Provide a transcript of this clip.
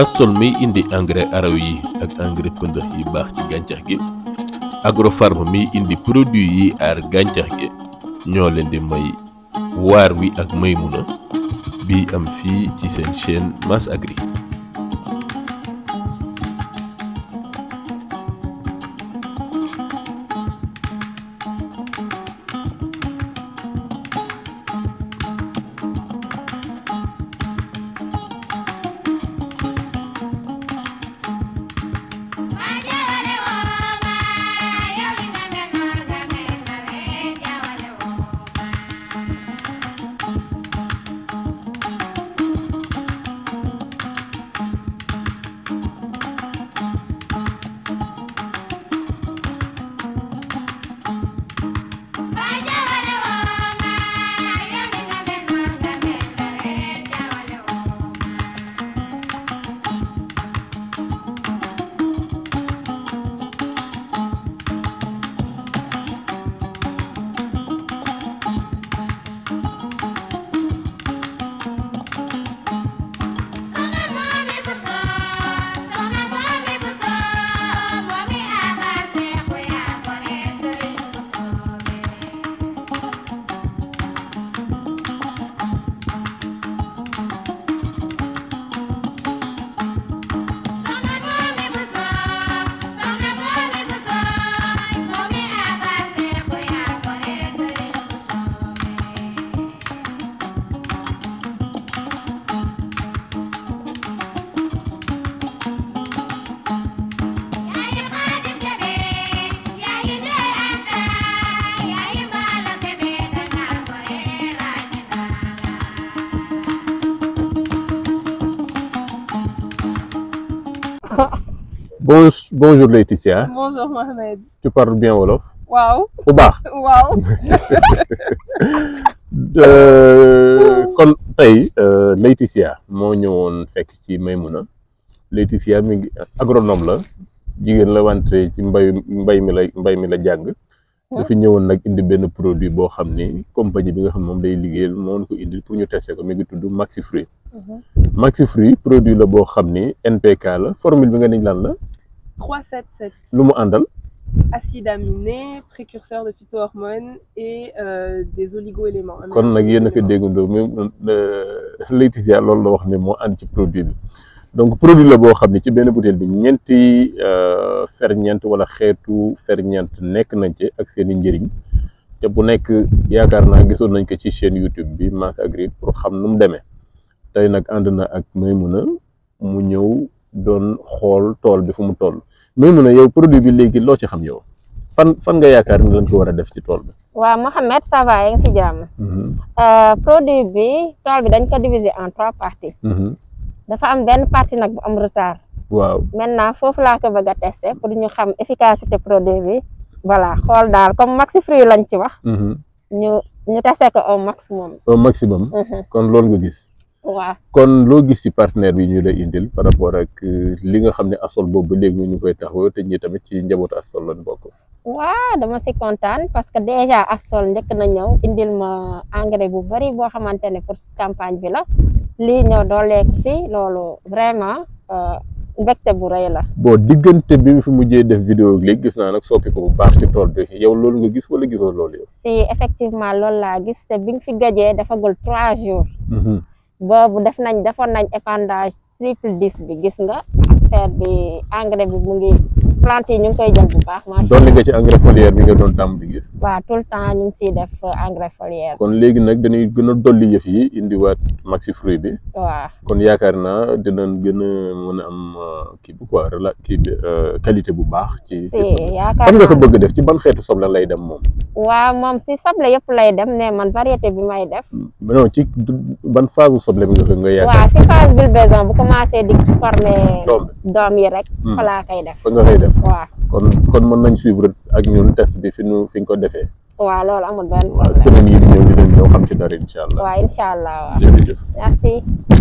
Astol miy indi engrais araw yi ak engrais pëndëx yi baax ci gàncax gi Agrofarm miy indi produit yi aar gàncax gi ñoo leen di may waar wi ak Maymuna bi am fii ci seen chaîne Mas Agri Bon, bonjour Laetitia. Bonjour Mohamed. Tu parles bien Wolof Waaw. Bu baax. Waaw. Euh, kon tey euh, Laetitia moo ñëwoon fekk ci Maymuna Laetitia mi ngi agronome la jigéen la wante ci mbay mbay mi la mbay mi la jàng dafi ñëwoon nag indi benn produit boo xam ni compagnie bi nga xam moom day liggéeyal moom ko indi pour ñu tester ko mi ngi tudd Maxi Fruit. Maxi mhm. Fruit produit la boo xam ni NPK la formule bi nga niñ lan la. 377. lu mu àndal. acide aminé précurseur de phytohormones et euh, des oligoéléments. kon nag yéen a ko déggandoo même euh, Laetitia loolu la wax ne moo ànd ci produit bi. donc produit la boo ni ne ci benn butéel bi fer ferñeent wala fer ferñeent nek nañ ci ak seen i njëriñ te bu nekk yaakaar na gisoon nañ ko ci chaîne YouTube bi Mass Agri pour xam num mu tay nak nag na ak Maymuna mu ñëw doon xool tol bi fu mu toll Maymuna yow produit bi léegi lo ci xam yow fan fan nga yaakaar ni lañ ko war def ci tol bi. wa Mohamed ça va yeng ngi ci jàmm. Mhm. Euh, produit bi tol bi dañ ko diviser en trois parties. Mhm. dafa am benn partie nag bu am retard. waaw maintenant foofu laa ko bëgg a tester pour ñu xam efficacité produit bi voilà xool daal comme maxi fruit lañ ci wax. Mhm. ñu ñu tester ko au maximum. au maximum. Mhm. kon loolu nga gis. waaw kon loo gis ci partenaire bi ñu lay indil par rapport ak euh, li nga xam ne Assol boobu ba léegi ñu koy taxawoo te ñi tamit ci njabootu Assol lañ bokk. waaw dama si kontaan parce que déjà Assol njëkk na ñëw indil ma engrais bu bari boo xamante ne pour campagne bi la. lii ñëw dooleeg si loolu vraiment euh, mbégte bu rey la. bon diggante bi mu fi mujjee def vidéo bi léegi nag soppi ko bu baax ci tool bi yow loolu nga gis wala gisoo loolu yow. si effectivement loolu laa gis te bi nga fi gëjee dafagul trois jours. Mhm. boobu def nañ defoon nañ épandage triple dix bi gis nga affaire bi engrais bi mu ngi. plante yi ñu ngi koy jël bu baax. macha allah bi nga doon tàmm euh, engrais foliaire. kon léegi nag dañuy gën a dolli yëf yi indiwaat maxi fruit bi. waaw kon yaakaar naa dinañ gën a am euh, kii bi quoi rela kii bi euh, bu baax. ci yaakaar fan nga ko bëgg def ci ban xeetu soble lay dem moom. waaw moom si yëpp lay dem ne man variété bi may def. Mm, ci ban phase soble bi nga ko doom yi rek. Mm. fa laa def fa nga koy def. def. waaw kon kon mën nañ suivre ak ñun test bi fi ñu fi ko defee. waaw loolu amul benn problème waaw semaine yii di ñëw di leen ñëw xam ci dara incha allah. waaw incha allah waaw merci.